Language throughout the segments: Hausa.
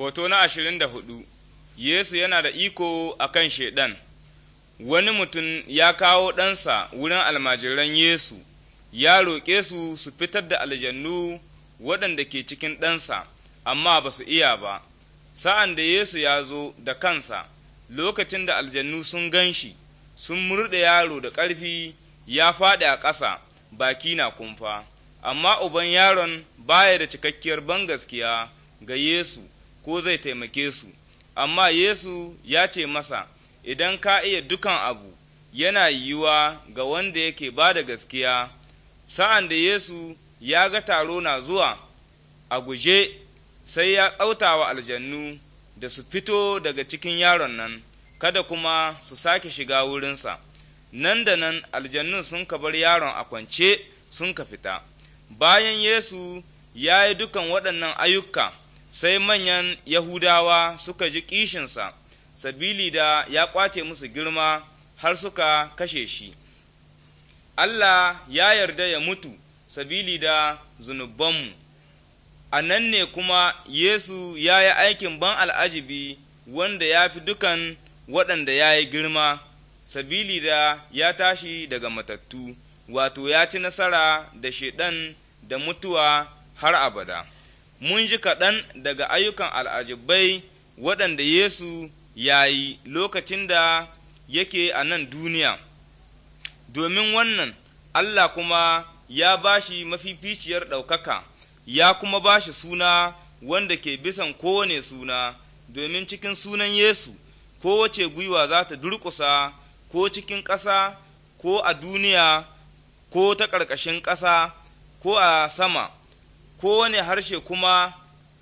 Hoto na ashirin da hudu Yesu yana da iko a kan Shaiɗan Wani mutum ya kawo ɗansa wurin almajiran Yesu, ya roƙe su su fitar da aljannu waɗanda ke cikin ɗansa, amma ba su iya ba. Sa'an da Yesu ya zo da kansa, lokacin da aljannu sun gan shi, sun murɗe yaro da ƙarfi ya faɗi a ƙasa, baki na kumfa. Amma uban yaron baya da cikakkiyar ban gaskiya ga Yesu. ko zai taimake su amma Yesu ya ce masa idan ka iya dukan abu yana yiwuwa ga wanda yake ba da gaskiya sa'an da Yesu ya ga taro na zuwa a guje sai ya wa aljannu da su fito daga cikin yaron nan kada kuma su sake shiga wurinsa nan da nan aljannun sun ka bar yaron a kwance sun ka fita bayan Yesu ya yi dukan waɗannan ayyuka sai manyan yahudawa suka ji kishinsa sabili da ya ƙwace musu girma har suka kashe shi Allah ya yarda ya mutu sabili da zunubanmu a nan ne kuma Yesu ya yi aikin ban al'ajibi wanda ya fi dukan waɗanda ya yi girma, sabili da ya tashi daga matattu, wato ya ci nasara da shaiɗan da mutuwa har abada. mun ji kaɗan daga ayyukan al'ajibai waɗanda Yesu ya yi lokacin da yake a nan duniya, domin wannan Allah kuma ya ba shi mafificiyar ɗaukaka, ya kuma ba shi suna wanda ke bisan kowane suna, domin cikin sunan Yesu kowace gwiwa za ta durƙusa ko cikin ƙasa ko a duniya ko ta ƙarƙashin ƙasa ko a sama. kowane harshe kuma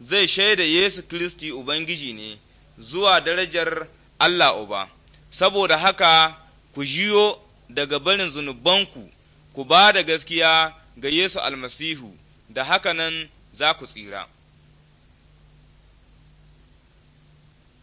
zai shaida Yesu Kiristi Ubangiji ne zuwa darajar Allah Uba, saboda haka ku jiyo daga barin zunubanku ku ba da gaskiya ga Yesu almasihu da haka nan za ku tsira.